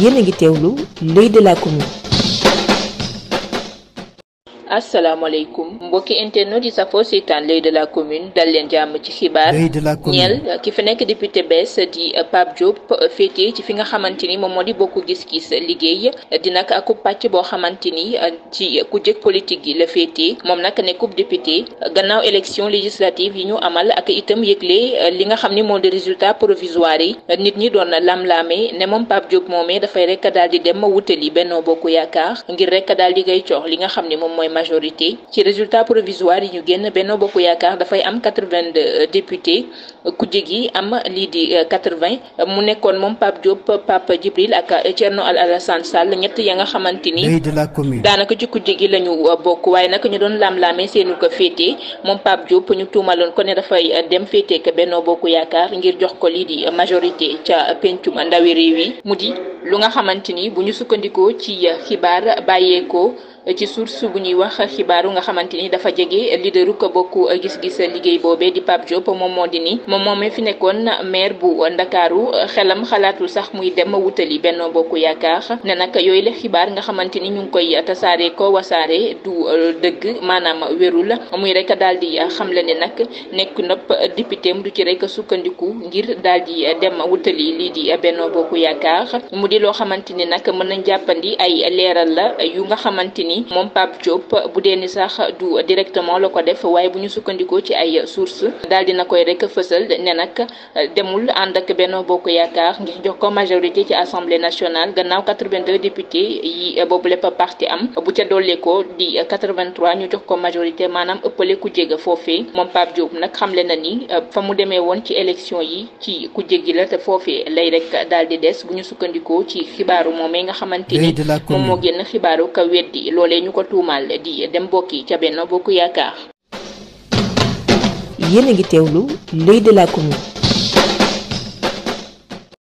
yéen a ngi lu l'œil de la commune asalaamaaleykum mbokki internet yi safoo seetaan lay de la commune dal leen jàmm ci xibaar ñeel ki fi nekk député bees di euh, Pape Diop euh, féete ci fi nga xamante ni moom moo di bokk gis-gis liggéey di nag ak pàcc boo xamante ni euh, ci ku politique yi la féete moom nag coupe député gannaaw élection législative yi ñu amal ak itam yëgle li nga xam ni moo di résultat provisoire yi nit ñi doon lam-laame ne moom Pape Diop moomee dafay rek daal di dem wutali Benno Bokk Yaakaar ngir rek daal di koy coox li nga xam ni moom mooy majorité ci résultat provisoire yi ñu génn Benno Bokk Yaakaar dafay am quatre-vingt-deux euh, députés euh, kujje am lii di euh, quatre mu nekkoon moom Pape Diop Pape Djibril ak Thierno Alassane Sall ñett ya nga xamante ni daanaka ci kujje gi la ñu bokk waaye nag ñu doon laam seenu ko fété moom Pape Diop ñu tuumaloon ko ne dafay dem fété que Benno bokku Yaakaar ngir jox ko lii di majorité ca pencum ndawi réew yi mu di lu nga xamante ni bu ñu sukkandikoo ci xibaar ci source bu ñuy wax xibaaru nga xamante ni dafa jege leaderu ko bokk gis-gis liggéey boobee di Pape Diop moom moo di ni moom moomee fi nekkoon maire bu Ndakaaru xelam xalaatul sax muy dem wutali benn Bokk Yaakaar ne nag yooyu la xibaar nga xamante ni ñu ngi koy tasaare ko wasaare du euh, dëgg maanaam wérul muy rek daal di xamle ne nag nekk nëpp députéem du ci rek sukkandiku ngir daal di dem wutali lii di Benno Bokk Yaakaar mu di loo xamante ni nag mën nañ jàppandi ay leeral la yu nga xamante ni moom Pape Diop bu dee ni sax du directement la ko def waaye bu ñu sukkandikoo ci ay source daal dina koy rek fësal ne nag demul ànd ak Benno Bokk Yaakaar ngir jox ko majorité ci assemblée nationale gannaaw 82 députés yi boobu lépp parti am bu ca dolleekoo di 83 ñu jox ko majorité maanaam ëppale ku jégg foofee moom Pape Diop nag xamle na ni euh, fa mu demee woon ci élection yi ci ku jéggi la te foofee lay rek daal di des bu ñu sukkandikoo ci xibaaru moomee nga xamante ni moom moo génn xibaaru ka weddi loolee ñu ko tuumaal di dem bokki ca Benno Bokk Yaakaar. yéen a ngi teewlu l'œil de la commune.